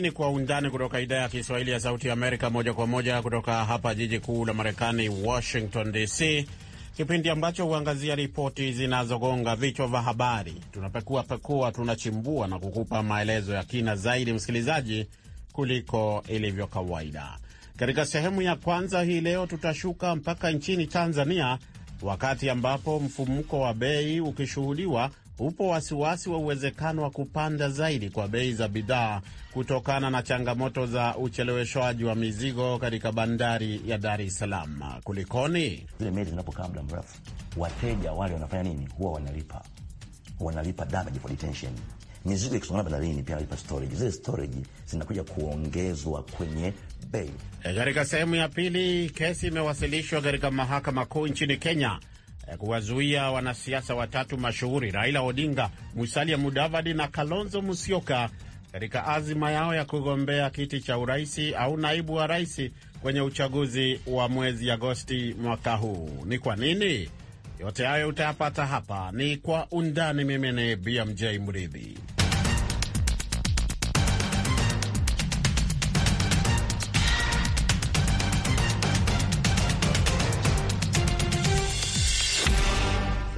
Hii ni Kwa Undani kutoka idhaa ya Kiswahili ya Sauti ya Amerika, moja kwa moja kutoka hapa jiji kuu la Marekani, Washington DC, kipindi ambacho huangazia ripoti zinazogonga vichwa vya habari. Tunapekua pekua, tunachimbua na kukupa maelezo ya kina zaidi, msikilizaji, kuliko ilivyo kawaida. Katika sehemu ya kwanza hii leo, tutashuka mpaka nchini Tanzania, wakati ambapo mfumuko wa bei ukishuhudiwa upo wasiwasi wa uwezekano wa kupanda zaidi kwa bei za bidhaa kutokana na changamoto za ucheleweshwaji wa mizigo katika bandari ya Dar es Salaam. Kulikoni? Zile meli zinapokaa muda mrefu, wateja wale wanafanya nini? Huwa wanalipa wanalipa damage for detention, mizigo ikisongana bandarini, pia wanalipa storage. Zile storage zinakuja kuongezwa kwenye bei. E, katika sehemu ya pili, kesi imewasilishwa katika mahakama kuu nchini Kenya Eh, kuwazuia wanasiasa watatu mashuhuri Raila Odinga, Musalia Mudavadi na Kalonzo Musyoka katika azima yao ya kugombea kiti cha uraisi au naibu wa raisi kwenye uchaguzi wa mwezi Agosti mwaka huu. Ni kwa nini? Yote hayo utayapata hapa. Ni kwa undani. Mimi ni BMJ Mridhi.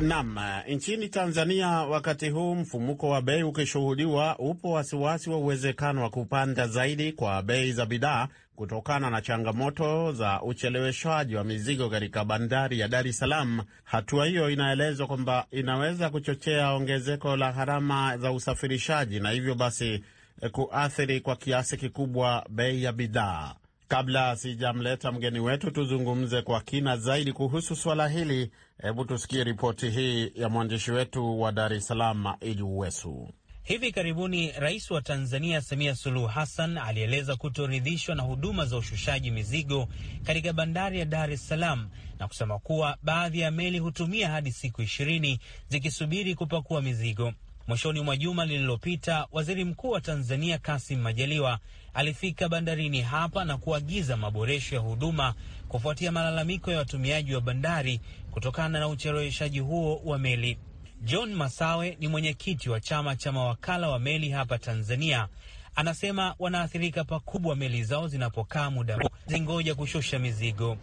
Nam, eh, nchini Tanzania wakati huu mfumuko wa bei ukishuhudiwa, upo wasiwasi wa uwezekano wa kupanda zaidi kwa bei za bidhaa kutokana na changamoto za ucheleweshwaji wa mizigo katika bandari ya Dar es Salaam. Hatua hiyo inaelezwa kwamba inaweza kuchochea ongezeko la gharama za usafirishaji na hivyo basi eh, kuathiri kwa kiasi kikubwa bei ya bidhaa. Kabla sijamleta mgeni wetu, tuzungumze kwa kina zaidi kuhusu swala hili Hebu tusikie ripoti hii ya mwandishi wetu wa Dar es Salaam, Idi Uwesu. Hivi karibuni Rais wa Tanzania Samia Suluhu Hassan alieleza kutoridhishwa na huduma za ushushaji mizigo katika bandari ya Dar es Salaam na kusema kuwa baadhi ya meli hutumia hadi siku ishirini zikisubiri kupakua mizigo. Mwishoni mwa juma lililopita, waziri mkuu wa Tanzania Kassim Majaliwa alifika bandarini hapa na kuagiza maboresho ya huduma kufuatia malalamiko ya watumiaji wa bandari kutokana na ucheleweshaji huo wa meli. John Masawe ni mwenyekiti wa chama cha mawakala wa meli hapa Tanzania. Anasema wanaathirika pakubwa meli zao zinapokaa muda zingoja kushusha mizigo.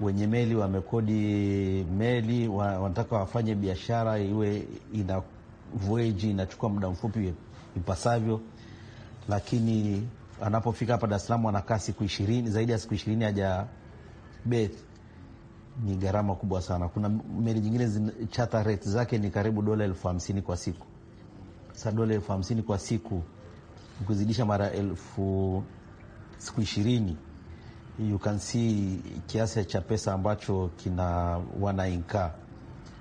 Wenye meli wamekodi meli, wanataka wafanye biashara iwe ina voyage inachukua muda mfupi ipasavyo, lakini anapofika hapa Dar es Salaam anakaa siku ishirini, zaidi ya siku ishirini haja beth. Ni gharama kubwa sana. Kuna meli nyingine charter rate zake ni karibu dola elfu hamsini kwa siku. Sasa dola elfu hamsini kwa siku ukizidisha mara elfu siku ishirini you can see kiasi cha pesa ambacho kina wanainkaa,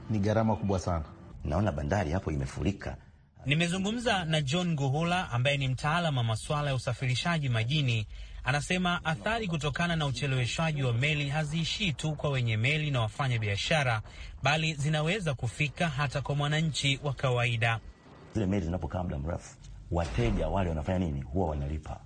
ni gharama kubwa sana naona bandari hapo imefurika. Nimezungumza na John guhula ambaye ni mtaalamu wa masuala ya usafirishaji majini. Anasema athari kutokana na ucheleweshwaji wa meli haziishii tu kwa wenye meli na wafanya biashara, bali zinaweza kufika hata kwa mwananchi wa kawaida. Zile meli zinapokaa muda mrefu, wateja wale wanafanya nini? Huwa wanalipa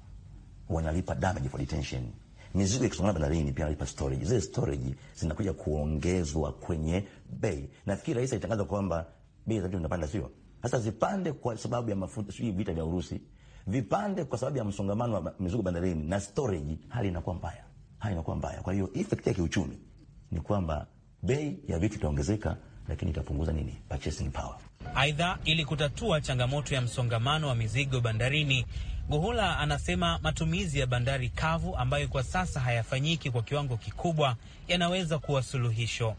wanalipa damage for detention, mizigo ikisongana bandarini, pia wanalipa storage. Zile storage zinakuja kuongezwa kwenye bei. Nafikiri Rais alitangaza kwamba bei za vitu zinapanda, sio hasa zipande kwa sababu ya mafuta, sio vita vya Urusi, vipande kwa sababu ya msongamano wa mizigo bandarini na storage, hali inakuwa mbaya, hali inakuwa mbaya. Kwa hiyo effect ya kiuchumi ni kwamba bei ya vitu itaongezeka, lakini itapunguza nini? Purchasing power. Aidha, ili kutatua changamoto ya msongamano wa mizigo bandarini, guhula anasema matumizi ya bandari kavu ambayo kwa sasa hayafanyiki kwa kiwango kikubwa yanaweza kuwa suluhisho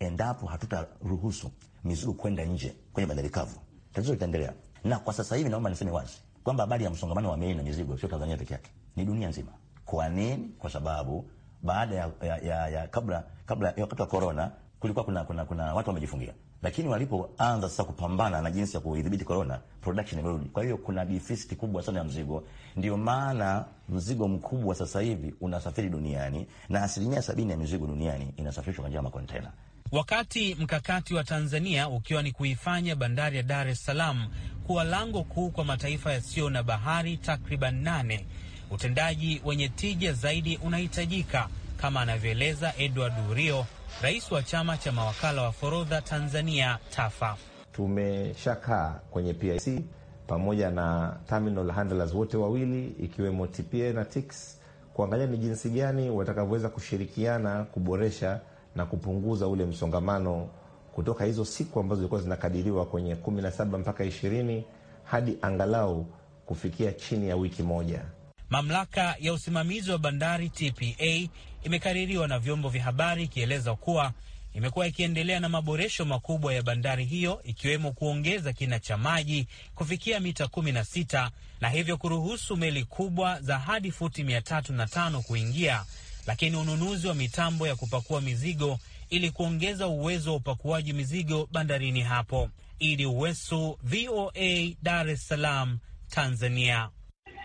endapo hatutaruhusu mizigo kwenda nje kwenye bandari kavu, tatizo litaendelea. Na kwa sasa hivi naomba niseme wazi kwamba habari ya msongamano wa meli na mizigo sio Tanzania peke yake, ni dunia nzima. Kwa nini? Kwa sababu baada ya, ya, ya, ya kabla kabla ya wakati wa corona kulikuwa kuna, kuna, kuna watu wamejifungia, lakini walipoanza sasa kupambana na jinsi ya kuidhibiti corona, production imerudi. Kwa hiyo kuna deficit kubwa sana ya mzigo, ndio maana mzigo mkubwa sasa hivi unasafiri duniani na asilimia sabini ya mizigo duniani inasafirishwa kwa njia ya makontena wakati mkakati wa Tanzania ukiwa ni kuifanya bandari ya Dar es Salaam kuwa lango kuu kwa mataifa yasiyo na bahari takriban nane. Utendaji wenye tija zaidi unahitajika kama anavyoeleza Edward Urio, rais wa chama cha mawakala wa forodha Tanzania, TAFA. Tumeshakaa kwenye PIC pamoja na terminal handlers wote wawili ikiwemo TPA na TIX kuangalia ni jinsi gani watakavyoweza kushirikiana kuboresha na kupunguza ule msongamano kutoka hizo siku ambazo zilikuwa zinakadiriwa kwenye kumi na saba mpaka ishirini hadi angalau kufikia chini ya wiki moja. Mamlaka ya usimamizi wa bandari TPA imekaririwa na vyombo vya habari ikieleza kuwa imekuwa ikiendelea na maboresho makubwa ya bandari hiyo ikiwemo kuongeza kina cha maji kufikia mita 16 na hivyo kuruhusu meli kubwa za hadi futi 305 kuingia lakini ununuzi wa mitambo ya kupakua mizigo ili kuongeza uwezo wa upakuaji mizigo bandarini hapo. Idi Uwesu, VOA, Dar es Salaam, Tanzania.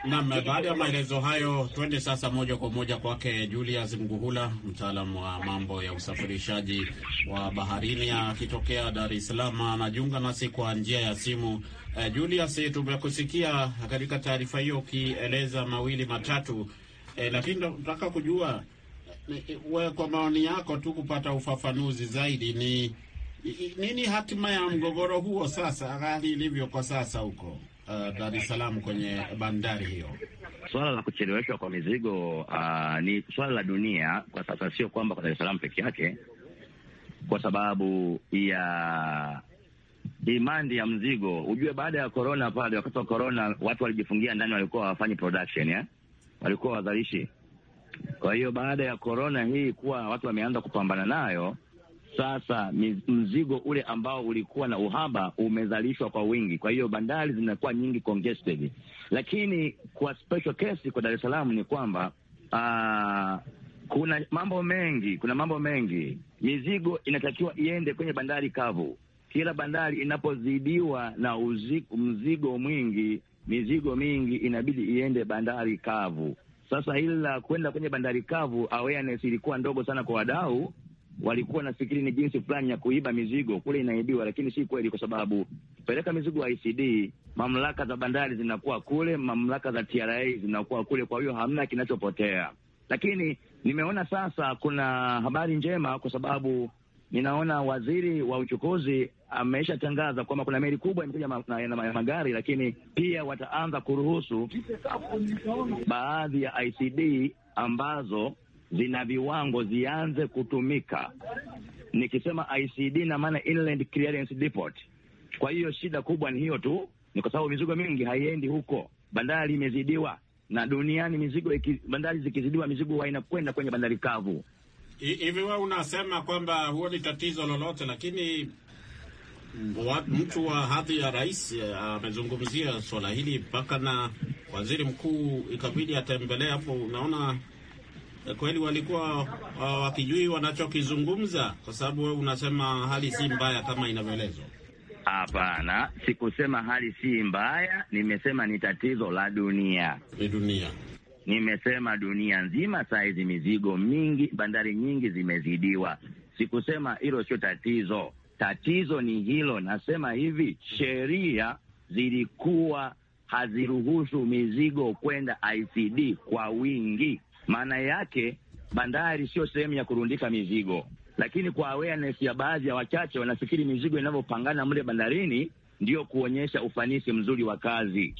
Nam, baada ya maelezo hayo, twende sasa moja kwa moja kwake Julius Mguhula, mtaalamu wa mambo ya usafirishaji wa baharini, akitokea Dar es Salaam, anajiunga nasi kwa njia ya simu. Eh, Julius, tumekusikia katika taarifa hiyo ukieleza mawili matatu e, lakini nataka kujua we, kwa maoni yako tu kupata ufafanuzi zaidi, ni nini hatima ya mgogoro huo sasa, hali ilivyo kwa sasa huko Uh, Dar es Salaam kwenye bandari hiyo. Swala la kucheleweshwa kwa mizigo uh, ni swala la dunia kwa sasa, sio kwamba kwa Dar es Salaam peke yake, kwa sababu ya demand ya mzigo. Ujue baada ya corona pale, wakati wa corona watu walijifungia ndani, walikuwa hawafanyi production eh? walikuwa wazalishi. Kwa hiyo baada ya korona hii kuwa watu wameanza kupambana nayo sasa, mzigo ule ambao ulikuwa na uhaba umezalishwa kwa wingi, kwa hiyo bandari zinakuwa nyingi congested. Lakini kwa special case kwa Dar es Salaam ni kwamba aa, ah, kuna mambo mengi, kuna mambo mengi. Mizigo inatakiwa iende kwenye bandari kavu. Kila bandari inapozidiwa na uzi, mzigo mwingi mizigo mingi inabidi iende bandari kavu. Sasa hili la kwenda kwenye bandari kavu, awareness ilikuwa ndogo sana kwa wadau. Walikuwa nafikiri ni jinsi fulani ya kuiba mizigo kule, inaibiwa, lakini si kweli, kwa sababu kupeleka mizigo ICD, mamlaka za bandari zinakuwa kule, mamlaka za TRA zinakuwa kule, kwa hiyo hamna kinachopotea. Lakini nimeona sasa kuna habari njema, kwa sababu ninaona waziri wa uchukuzi ameshatangaza kwamba kuna meli kubwa imekuja na, na, na, na magari, lakini pia wataanza kuruhusu baadhi ya ICD ambazo zina viwango zianze kutumika. Nikisema ICD na maana Inland Clearance Depot. Kwa hiyo shida kubwa ni hiyo tu, ni kwa sababu mizigo mingi haiendi huko, bandari imezidiwa na duniani mizigo iki, bandari zikizidiwa mizigo inakwenda kwenye bandari kavu. Hivi wewe unasema kwamba huo ni tatizo lolote, lakini mtu wa hadhi ya rais eh, amezungumzia swala hili mpaka na waziri mkuu ikabidi atembelea hapo. Unaona eh, kweli walikuwa eh, wakijui wanachokizungumza, kwa sababu wewe unasema hali si mbaya kama inavyoelezwa. Hapana, sikusema hali si mbaya, nimesema ni tatizo la dunia. Ni dunia, nimesema dunia nzima saizi mizigo mingi, bandari nyingi zimezidiwa. Sikusema hilo sio tatizo Tatizo ni hilo. Nasema hivi, sheria zilikuwa haziruhusu mizigo kwenda ICD kwa wingi. Maana yake bandari sio sehemu ya kurundika mizigo, lakini kwa awareness ya baadhi ya wachache wanafikiri mizigo inavyopangana mle bandarini ndiyo kuonyesha ufanisi mzuri wa kazi.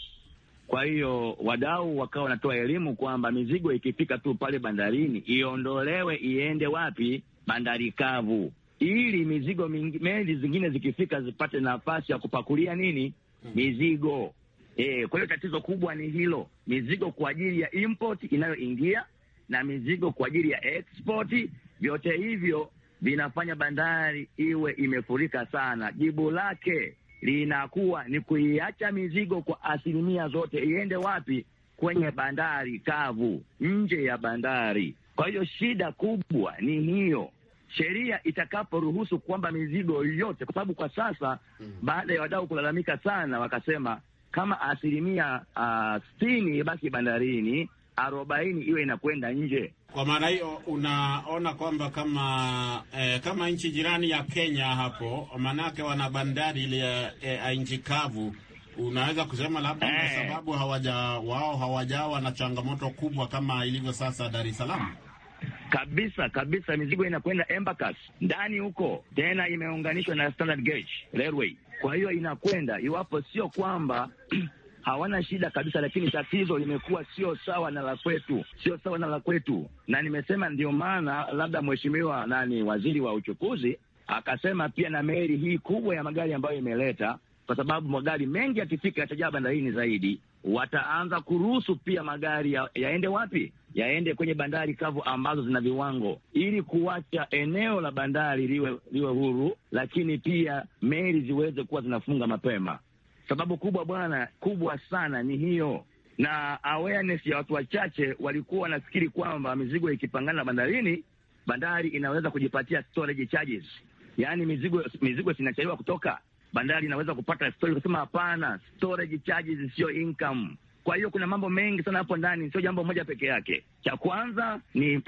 Kwa hiyo wadau wakawa wanatoa elimu kwamba mizigo ikifika tu pale bandarini iondolewe iende wapi? Bandari kavu ili mizigo mingi, meli zingine zikifika zipate nafasi ya kupakulia nini hmm. mizigo. E, kwa hiyo tatizo kubwa ni hilo, mizigo kwa ajili ya import inayoingia na mizigo kwa ajili ya export, vyote hivyo vinafanya bandari iwe imefurika sana. Jibu lake linakuwa ni kuiacha mizigo kwa asilimia zote iende wapi? Kwenye bandari kavu, nje ya bandari. Kwa hiyo shida kubwa ni hiyo sheria itakaporuhusu kwamba mizigo yote, kwa sababu kwa sasa mm. baada ya wadau kulalamika sana, wakasema kama asilimia ah, sitini uh, ibaki bandarini, arobaini iwe inakwenda nje. Kwa maana hiyo unaona kwamba kama eh, kama nchi jirani ya Kenya hapo, maanake wana bandari ile eh, nchi kavu unaweza kusema labda kwa hey, eh. sababu hawaja wao hawajawa na changamoto kubwa kama ilivyo sasa Dar es Salaam kabisa kabisa, mizigo inakwenda Embakasi ndani huko, tena imeunganishwa na standard gauge railway. Kwa hiyo inakwenda, iwapo sio kwamba hawana shida kabisa, lakini tatizo limekuwa sio sawa na la kwetu, sio sawa na la kwetu. Na nimesema ndio maana labda mheshimiwa nani waziri wa uchukuzi akasema pia na meli hii kubwa ya magari ambayo imeleta kwa sababu magari mengi yakifika yatajaa bandarini zaidi. Wataanza kuruhusu pia magari ya, yaende wapi? Yaende kwenye bandari kavu ambazo zina viwango, ili kuacha eneo la bandari liwe, liwe huru, lakini pia meli ziweze kuwa zinafunga mapema. Sababu kubwa bwana, kubwa sana ni hiyo, na awareness ya watu wachache walikuwa wanafikiri kwamba mizigo ikipangana na bandarini, bandari inaweza kujipatia storage charges, yaani mizigo mizigo sinachaliwa kutoka bandari inaweza kupata storage, kusema hapana, storage charges sio income. Kwa hiyo kuna mambo mengi sana hapo ndani, sio jambo moja peke yake. Cha kwanza ni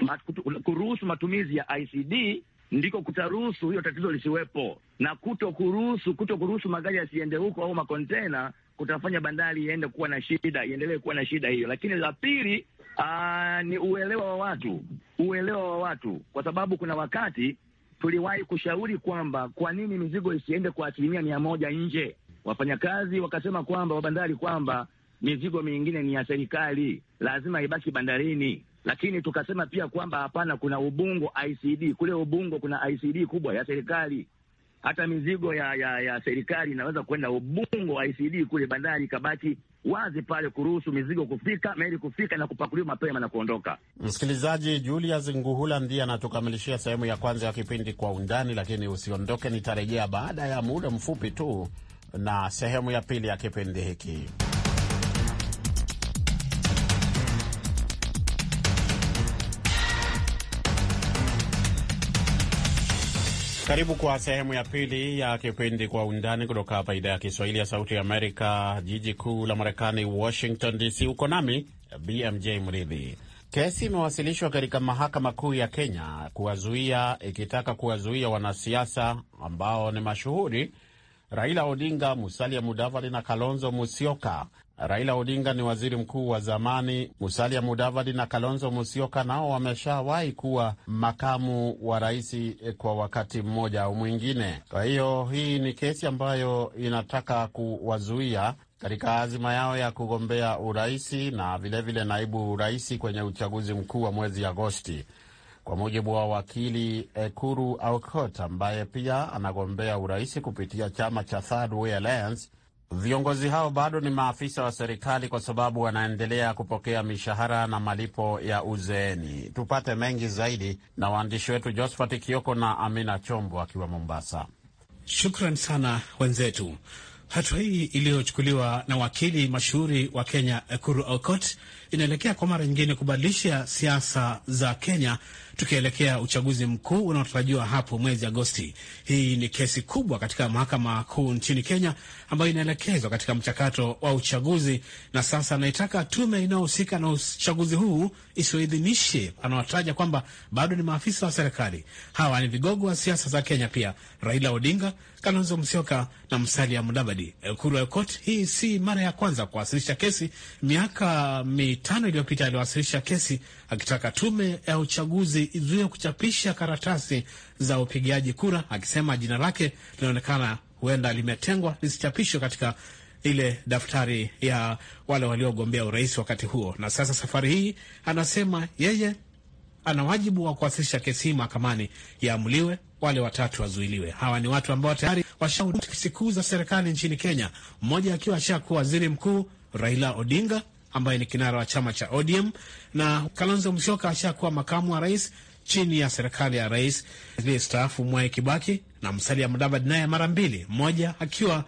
kuruhusu matumizi ya ICD ndiko kutaruhusu hiyo tatizo lisiwepo, na kuto kuruhusu kuto kuruhusu magari yasiende huko au makontena kutafanya bandari iende kuwa na shida, iendelee kuwa na shida hiyo. Lakini la pili, aa, ni uelewa wa watu, uelewa wa watu, kwa sababu kuna wakati tuliwahi kushauri kwamba kwa nini mizigo isiende kwa asilimia mia moja nje. Wafanyakazi wakasema kwamba wabandari kwamba mizigo mingine ni ya serikali, lazima ibaki bandarini. Lakini tukasema pia kwamba hapana, kuna Ubungo ICD kule. Ubungo kuna ICD kubwa ya serikali, hata mizigo ya ya, ya serikali inaweza kwenda Ubungo ICD kule, bandari ikabaki wazi pale kuruhusu mizigo kufika, meli kufika na kupakuliwa mapema na kuondoka. Msikilizaji, Julius Nguhula ndiye anatukamilishia sehemu ya kwanza ya kipindi Kwa Undani, lakini usiondoke, nitarejea baada ya muda mfupi tu na sehemu ya pili ya kipindi hiki. Karibu kwa sehemu ya pili ya kipindi Kwa Undani kutoka hapa idhaa ya Kiswahili ya Sauti ya Amerika, jiji kuu la Marekani, Washington DC. Uko nami BMJ Mridhi. Kesi imewasilishwa katika mahakama kuu ya Kenya kuwazuia, ikitaka kuwazuia wanasiasa ambao ni mashuhuri, Raila Odinga, Musalia Mudavadi na Kalonzo Musyoka Raila Odinga ni waziri mkuu wa zamani. Musalia Mudavadi na Kalonzo Musyoka nao wameshawahi kuwa makamu wa rais eh, kwa wakati mmoja au mwingine. Kwa hiyo hii ni kesi ambayo inataka kuwazuia katika azima yao ya kugombea uraisi na vilevile vile naibu uraisi kwenye uchaguzi mkuu wa mwezi Agosti. Kwa mujibu wa wakili Ekuru Aukot ambaye pia anagombea uraisi kupitia chama cha Third Way Alliance Viongozi hao bado ni maafisa wa serikali kwa sababu wanaendelea kupokea mishahara na malipo ya uzeeni. Tupate mengi zaidi na waandishi wetu Josphat Kioko na Amina Chombo akiwa Mombasa. Shukran sana wenzetu. Hatua hii iliyochukuliwa na wakili mashuhuri wa Kenya Ekuru Aukot inaelekea kwa mara nyingine kubadilisha siasa za Kenya tukielekea uchaguzi mkuu unaotarajiwa hapo mwezi Agosti. Hii ni kesi kubwa katika mahakama kuu nchini Kenya ambayo inaelekezwa katika mchakato wa uchaguzi, na sasa anaitaka tume inayohusika na uchaguzi huu isiyoidhinishe, anawataja kwamba bado ni maafisa wa serikali. Hawa ni vigogo wa siasa za Kenya pia, Raila Odinga, Kalonzo Musyoka na Musalia Mudavadi. Ekuru Aukot, hii si mara ya kwanza kuwasilisha kesi. Miaka mi mitano iliyopita aliwasilisha kesi akitaka tume ya uchaguzi izuie kuchapisha karatasi za upigaji kura, akisema jina lake linaonekana huenda limetengwa lisichapishwe katika ile daftari ya wale waliogombea urais wakati huo. Na sasa safari hii anasema yeye ana wajibu wa kuwasilisha kesi hii mahakamani, yaamuliwe, wale watatu wazuiliwe. Hawa ni watu ambao tayari washasikuu za serikali nchini Kenya, mmoja akiwa ashakuwa waziri mkuu Raila Odinga ambaye ni kinara wa chama cha ODM na Kalonzo Musyoka ashakuwa makamu wa rais chini ya serikali ya rais aliyestaafu Mwai Kibaki na Musalia Mudavadi naye mara mbili, mmoja akiwa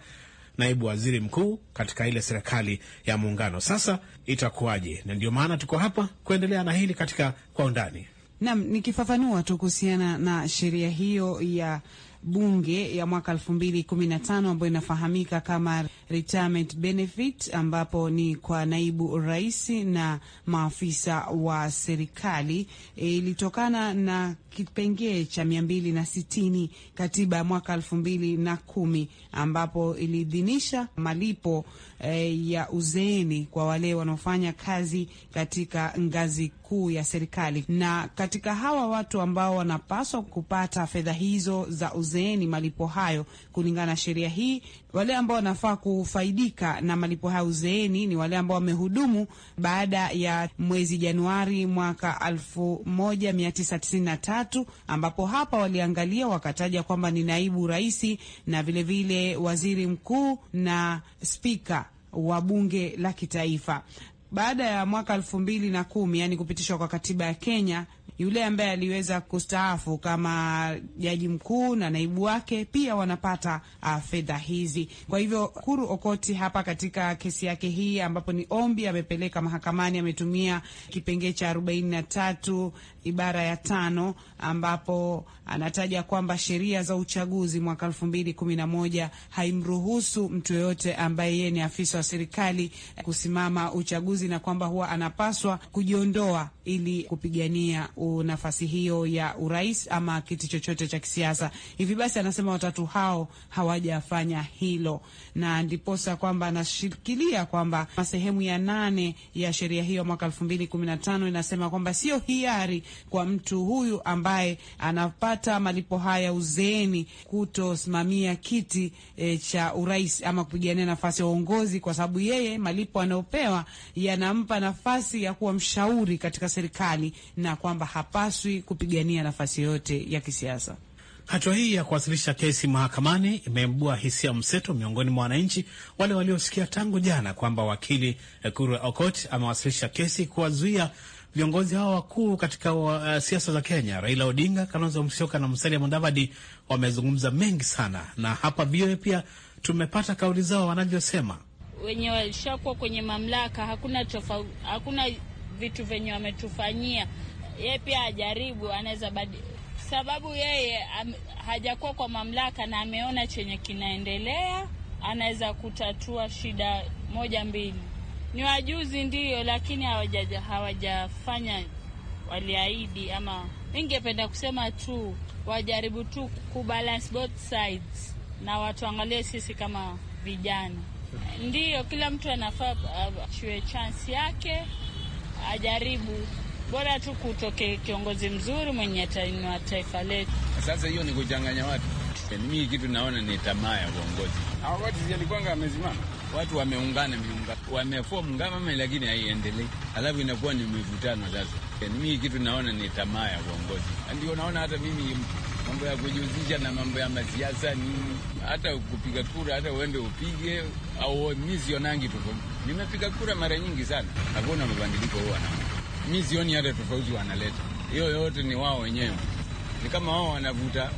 naibu waziri mkuu katika ile serikali ya muungano. Sasa itakuwaje? Na ndio maana tuko hapa kuendelea na hili katika kwa undani. Naam, nikifafanua tu kuhusiana na sheria hiyo ya bunge ya mwaka 2015 ambayo inafahamika kama retirement benefit, ambapo ni kwa naibu rais na maafisa wa serikali. Eh, ilitokana na kipengee cha 260 katiba ya mwaka 2010 ambapo iliidhinisha malipo e, ya uzeeni kwa wale wanaofanya kazi katika ngazi kuu ya serikali, na katika hawa watu ambao wanapaswa kupata fedha hizo za uzeeni, uzeeni malipo hayo kulingana na sheria hii. Wale ambao wanafaa kufaidika na malipo hayo uzeeni ni wale ambao wamehudumu baada ya mwezi Januari mwaka 1993 ambapo hapa waliangalia wakataja kwamba ni naibu rais na vilevile vile waziri mkuu na spika wa bunge la kitaifa baada ya mwaka elfu mbili na kumi yani kupitishwa kwa katiba ya Kenya, yule ambaye aliweza kustaafu kama jaji mkuu na naibu wake pia wanapata uh, fedha hizi. Kwa hivyo Kuru Okoti hapa katika kesi yake hii, ambapo ni ombi amepeleka mahakamani, ametumia kipengee cha arobaini na tatu ibara ya tano ambapo anataja kwamba sheria za uchaguzi mwaka elfu mbili kumi na moja haimruhusu mtu yoyote ambaye yeye ni afisa wa serikali kusimama uchaguzi uchaguzi na kwamba huwa anapaswa kujiondoa ili kupigania nafasi hiyo ya urais ama kiti chochote cha kisiasa. Hivi basi, anasema watatu hao hawajafanya hilo, na ndiposa kwamba anashikilia kwamba sehemu ya nane ya sheria hiyo mwaka elfu mbili kumi na tano inasema kwamba sio hiari kwa mtu huyu ambaye anapata malipo haya uzeeni kutosimamia kiti e, cha urais ama kupigania nafasi ya uongozi, kwa sababu yeye malipo anayopewa yanampa nafasi ya kuwa mshauri katika serikali na kwamba hapaswi kupigania nafasi yoyote ya kisiasa. Hatua hii ya kuwasilisha kesi mahakamani imeibua hisia mseto miongoni mwa wananchi wale waliosikia tangu jana kwamba wakili Ekuru Aukot amewasilisha kesi kuwazuia viongozi hao wakuu katika uh, siasa za Kenya. Raila Odinga, Kalonzo Musyoka na Musalia Mudavadi wamezungumza mengi sana, na hapa VOA pia tumepata kauli zao wanavyosema wenye washakuwa kwenye mamlaka, hakuna tofa, hakuna vitu venye wametufanyia. Ye pia ajaribu, anaweza badi, sababu yeye hajakuwa kwa mamlaka na ameona chenye kinaendelea, anaweza kutatua shida moja mbili. Ni wajuzi ndiyo, lakini hawajafanya waliahidi, ama ningependa kusema tu wajaribu tu kubalance both sides na watuangalie sisi kama vijana. Ndiyo, kila mtu anafaa achue chansi yake, ajaribu bora tu kutoke kiongozi mzuri mwenye atainua taifa letu. Sasa hiyo ni kuchanganya watu. Eh, mimi kitu naona ni tamaa ya uongozi. Hao watu zilikwanga wamezimama, watu wameungana, miungano wamefomu ngama, lakini haiendelei, alafu inakuwa ni mivutano. Sasa eh, mimi kitu naona ni tamaa ya uongozi, ndio naona hata mimi mtu mambo ya kujihusisha na mambo ya masiasa nini, hata kupiga kura, hata uende upige au misionangi tofauti. Nimepiga kura mara nyingi sana, hakuna mabadiliko huwa na mi sioni hata tofauti wanaleta. Hiyo yote ni wao wenyewe, ni kama wao wanavuta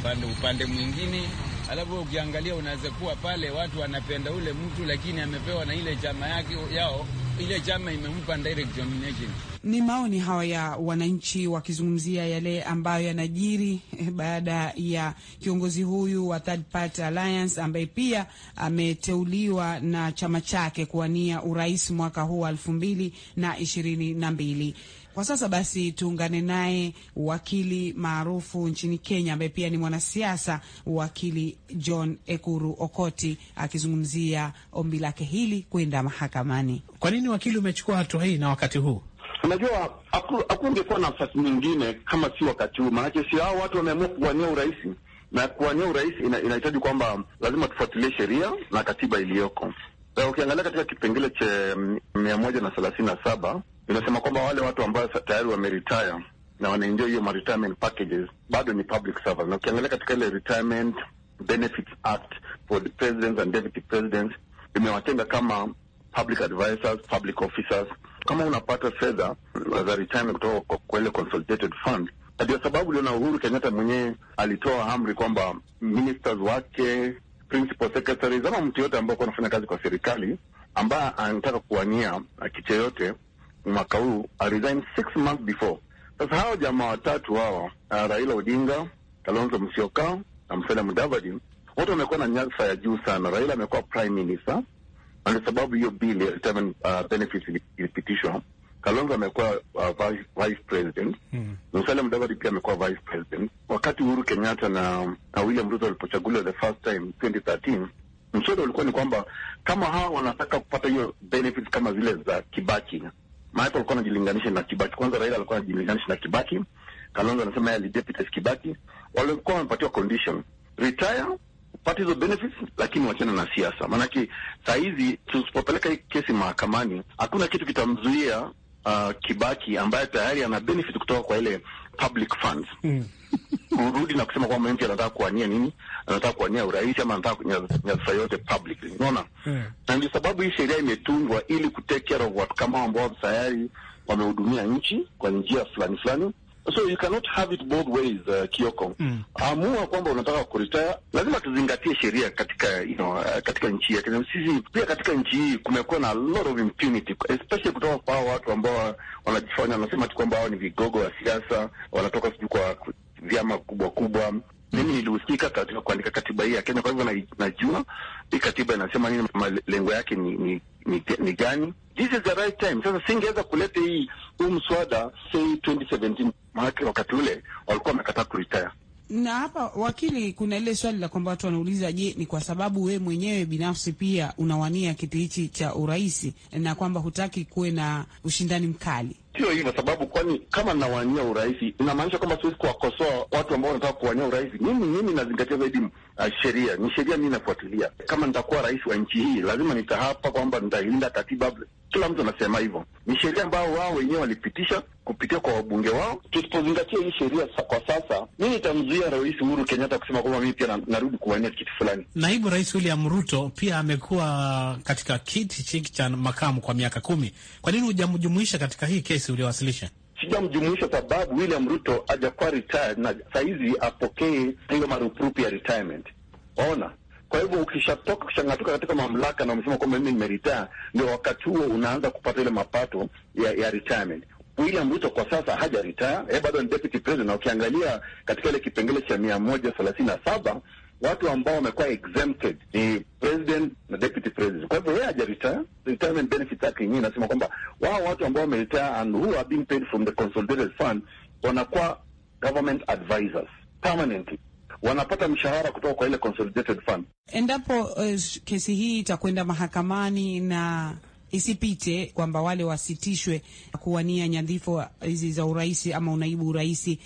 upande upande mwingine Alafu ukiangalia unaweza kuwa pale watu wanapenda ule mtu, lakini amepewa na ile chama yake yao ile chama imempa direct nomination. Ni maoni hawa ya wananchi wakizungumzia yale ambayo yanajiri eh, baada ya kiongozi huyu wa Third Party Alliance ambaye pia ameteuliwa na chama chake kuwania urais mwaka huu wa elfu mbili na ishirini na mbili. Kwa sasa basi tuungane naye wakili maarufu nchini Kenya ambaye pia ni mwanasiasa, wakili John Ekuru Okoti akizungumzia ombi lake hili kwenda mahakamani. Kwa nini wakili umechukua hatua hii na wakati huu? Unajua, hakungekuwa nafasi nyingine kama si wakati huu, maanake si hao watu wameamua kuwania urais na kuwania urais inahitaji ina kwamba lazima tufuatilie sheria na katiba iliyoko. Eh, ukiangalia katika kipengele cha mm, mia moja na thelathini na saba inasema kwamba wale watu ambao tayari wameretire na wanaenjoy hiyo retirement packages bado ni public servants, na ukiangalia katika ile Retirement Benefits Act for the presidents and deputy presidents imewatenga kama public advisors, public officers. Kama unapata fedha uh, za retirement kutoka kwa ile consolidated fund, ndio sababu uliona Uhuru Kenyatta mwenyewe alitoa amri kwamba ministers wake principal secretaries ama mtu yote ambao anafanya kazi kwa serikali ambaye anataka kuwania kiti yoyote mwaka huu aresign six months before. Sasa hao jamaa watatu hao, eh, Raila Odinga, Kalonzo Musyoka na Musalia Mudavadi, wote wamekuwa na nyadhifa ya juu sana. Raila amekuwa prime minister, na ndio sababu hiyo bill ya retirement uh, benefits ilipitishwa Kalonzo amekuwa uh, vice, vice president mm. Musalia Mudavadi pia amekuwa vice president. Wakati Uhuru Kenyatta na, na William Ruto walipochaguliwa the first time 2013 mswada ulikuwa ni kwamba kama hawa wanataka kupata hiyo benefits kama zile za Kibaki, maanake walikuwa anajilinganisha na Kibaki. Kwanza Raila alikuwa anajilinganisha na Kibaki, Kalonzo anasema yeye alideputate Kibaki. Walikuwa wamepatiwa condition retire upate hizo benefits, lakini wachana na siasa. Maanake saa hizi tusipopeleka hii kesi mahakamani, hakuna kitu kitamzuia uh, Kibaki ambaye tayari ana benefit kutoka kwa ile public funds mm. urudi na kusema kwamba nchi anataka kuwania nini, anataka kuwania urais ama anataka nyadhifa yote public, unaona mm. na ndio sababu hii sheria imetungwa ili kutake care of watu kama ambao tayari wamehudumia nchi kwa njia fulani fulani So you cannot have it both ways, uh, Kioko. Mm. Amua kwamba unataka kuretire, lazima tuzingatie sheria katika you know, uh, katika nchi ya Kenya. Sisi pia katika nchi hii kumekuwa na a lot of impunity, especially kutoka kwa watu ambao wanajifanya wanasema tu kwamba hao ni vigogo wa siasa, wanatoka sijui kwa vyama kubwa kubwa. Mimi nilihusika katika kuandika katiba hii ya Kenya, kwa hivyo najua hii katiba inasema nini, malengo yake ni, ni, ni, ni gani this is the right time. Sasa singeweza kuleta hii huu mswada say 2017 maanake wakati ule walikuwa wamekataa kuretire na hapa wakili, kuna ile swali la kwamba watu wanauliza, je, ni kwa sababu we mwenyewe binafsi pia unawania kiti hichi cha urais na kwamba hutaki kuwe na ushindani mkali? Sio hivyo, sababu kwani kama nawania urais inamaanisha kwamba siwezi kuwakosoa watu ambao wanataka kuwania urais. Mimi mimi nazingatia zaidi uh, sheria ni sheria, mimi nafuatilia. Kama nitakuwa rais wa nchi hii, lazima nitahapa kwamba nitailinda katiba. Kila mtu anasema hivyo, ni sheria ambayo wao wenyewe walipitisha kupitia kwa wabunge wao. Tusipozingatia hii sheria kwa sasa, mi nitamzuia Rais Uhuru Kenyatta kusema kwamba mimi pia narudi kuwania kitu fulani. Naibu Rais William Ruto pia amekuwa katika kiti chiki cha makamu kwa miaka kumi. Kwa nini hujamjumuisha katika hii kesi? rais uliowasilisha? Sijamjumuisha sababu William Ruto hajakuwa retired na sahizi apokee hiyo marupurupu ya retirement. Ona, kwa hivyo ukishatoka kushangatuka katika mamlaka na umesema kwamba mimi nimeritaa, ndio wakati huo unaanza kupata ile mapato ya, ya retirement. William Ruto kwa sasa haja retire, yeye bado ni deputy president, na ukiangalia katika ile kipengele cha mia moja thelathini na saba watu ambao wamekuwa exempted ni president na deputy president. Kwa hivyo yeye hajaretire, retirement benefit yake yenyewe inasema kwamba wao watu ambao wameretire and who are being paid from the consolidated fund wanakuwa government advisors permanently wanapata mshahara kutoka kwa ile consolidated fund. Endapo uh, kesi hii itakwenda mahakamani na isipite kwamba wale wasitishwe kuwania nyadhifa hizi za urais ama unaibu urais,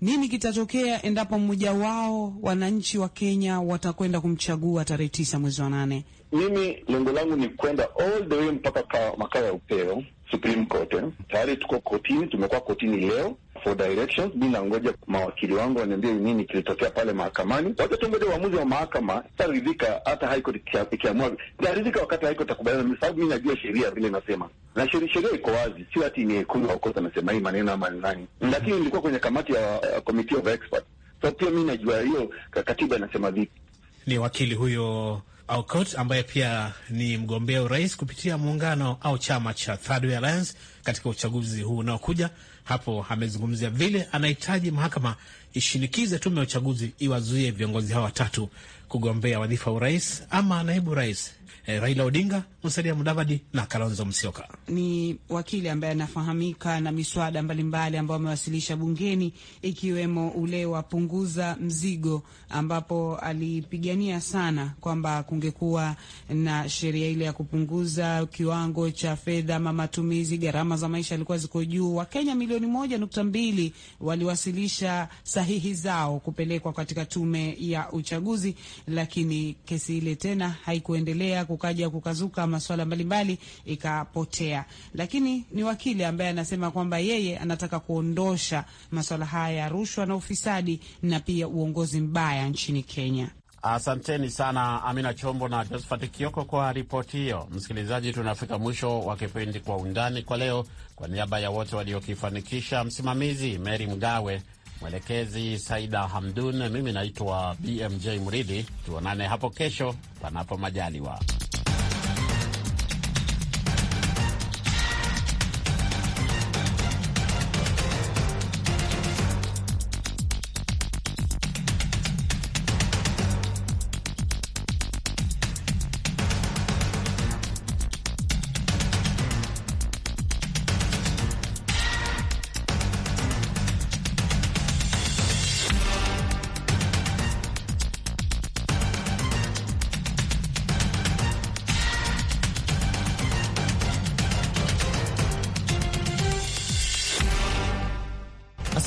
nini kitatokea endapo mmoja wao wananchi wa Kenya watakwenda kumchagua tarehe tisa mwezi wa nane? Mimi lengo langu ni kwenda all the way mpaka makao ya upeo Supreme Court eh. Tayari tuko kotini, tumekuwa kotini leo for directions. Mi nangoja mawakili wangu waniambie nini kilitokea pale mahakamani. Wacha tungoja uamuzi wa mahakama, sitaridhika hata high court ikiamua. Nitaridhika wakati high court itakubaliana, sababu mi najua sheria vile inasema, na sheria sheria iko wazi, sio ati ni kuna ukosa nasema hii maneno ama nani, lakini nilikuwa kwenye kamati ya uh, committee of experts, so pia mi najua hiyo katiba inasema vipi. Ni wakili huyo Aukot ambaye pia ni mgombea urais kupitia muungano au chama cha Third Way Alliance katika uchaguzi huu unaokuja. Hapo amezungumzia vile anahitaji mahakama ishinikize tume ya uchaguzi iwazuie viongozi hawa watatu kugombea wadhifa wa urais ama naibu rais eh, Raila Odinga, Musalia Mudavadi na Kalonzo Musyoka. Ni wakili ambaye anafahamika na miswada mbalimbali ambayo amewasilisha bungeni ikiwemo ule wa punguza mzigo, ambapo alipigania sana kwamba kungekuwa na sheria ile ya kupunguza kiwango cha fedha ama matumizi. Gharama za maisha alikuwa ziko juu. Wakenya milioni moja nukta mbili waliwasilisha sahihi zao kupelekwa katika tume ya uchaguzi, lakini kesi ile tena haikuendelea kuendelea kukaja kukazuka masuala mbalimbali ikapotea. Lakini ni wakili ambaye anasema kwamba yeye anataka kuondosha masuala haya ya rushwa na ufisadi na pia uongozi mbaya nchini Kenya. Asanteni sana Amina Chombo na Josephat Kioko kwa ripoti hiyo. Msikilizaji, tunafika mwisho wa kipindi Kwa Undani kwa leo. Kwa niaba ya wote waliokifanikisha, msimamizi Meri Mgawe, mwelekezi Saida Hamdun, mimi naitwa BMJ mridhi Tuonane hapo kesho, panapo majaliwa.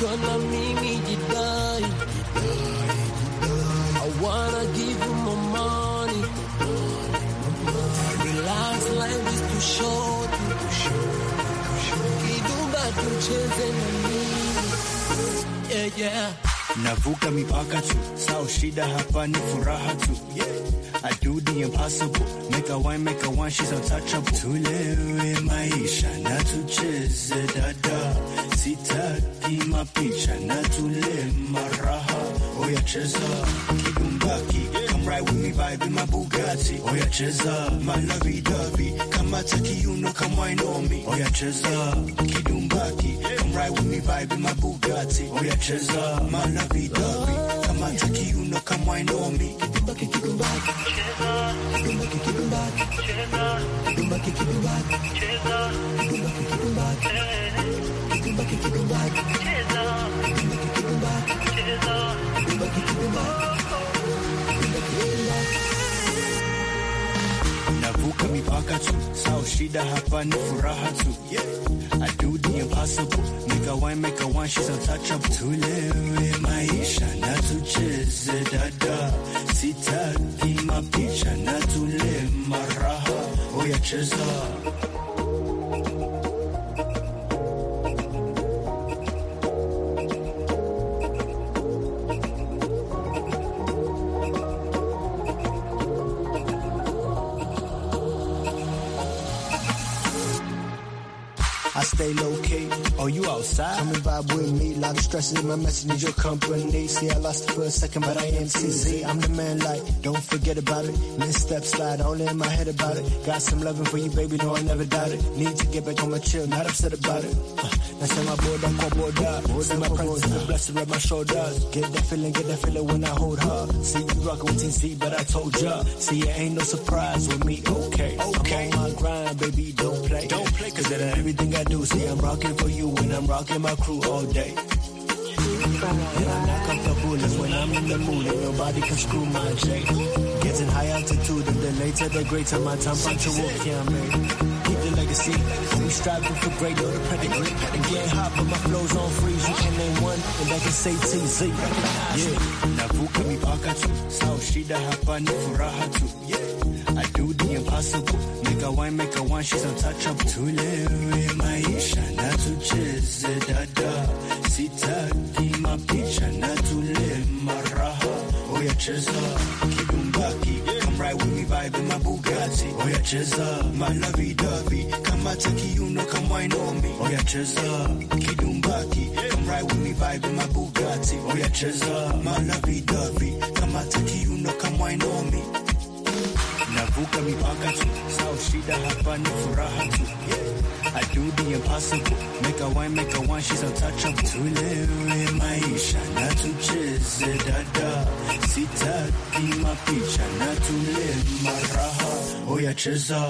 Kama mimi jidai, I wanna give you my money. Relax, life is too short. Kiduba tucheze na mimi. Yeah, yeah. Navuka mipaka tu, sao shida hapa ni furaha tu. Yeah. I do the impossible. Make a wine, make a wine, she's untouchable. Tulewe maisha na tucheze dada, sitaki mapicha na tule maraha. Oya cheza kigumbaki, come right with me, vibe in my Bugatti. Oya cheza, my lovey dovey, kama taki you know, come wine on me. Oya cheza kidumbaki, come right with me, vibe in my Bugatti. Oya cheza, my lovey dovey, kama taki you know, come wine on me. Kidumbaki, kidumbaki. Navuka mipaka tu, sao shida hapa ni furaha tu. I do the impossible, make a wine, make a wine, she's untouchable. Tulewe maisha na tucheze dada, sitaki mapicha na tule maraha uyacheza I stay low key Oh, you outside? Come and vibe with me. Lot of stresses in my message, need your company. See, I lost it for a second, but I am CZ. I'm the man, like, don't forget about it. Misstep slide, only in my head about it. Got some loving for you, baby, no, I never doubt it. Need to get back on my chill, not upset about it. Uh, that's how my boy, don't call boy, die. See my presence and the blessing on my shoulders. Get that feeling, get that feeling when I hold her. See, you rockin' with TZ, but I told ya. See, it ain't no surprise with me, okay. Okay. I'm on my grind, baby, don't play. Don't play, cause that everything I do. See, I'm rockin' for you when I'm rocking my crew all day. And I'm not comfortable when I'm in the mood and nobody can screw my J. Getting high altitude and the later the greater my time punctual can make a legacy. we striving for greater the pedigree. And get hot, but my flow's on freeze. You can name one, and they can say TZ. Yeah. Navuka mipaka tu, sao shida hapa ni furaha tu. Yeah. I do the impossible. Make a wine, make a wine, she's untouchable. Tulewe maisha na tucheze dada. Sitaki mapicha na tule maraha. Oya oh, cheza kazi, oya cheza, mana vidavi kama takiuno come wine on me, oya cheza, kidumbaki come ride with me vibe in my Bugatti, oya cheza, mana vidavi kama takiuno come wine on me. Navuka mipaka tu, sao shida hapa ni furaha tu, I do the impossible, make a wine, make a wine, she's untouchable. Tulewe maisha na tucheze dada, sitaki mapicha na tule maraha Oya cheza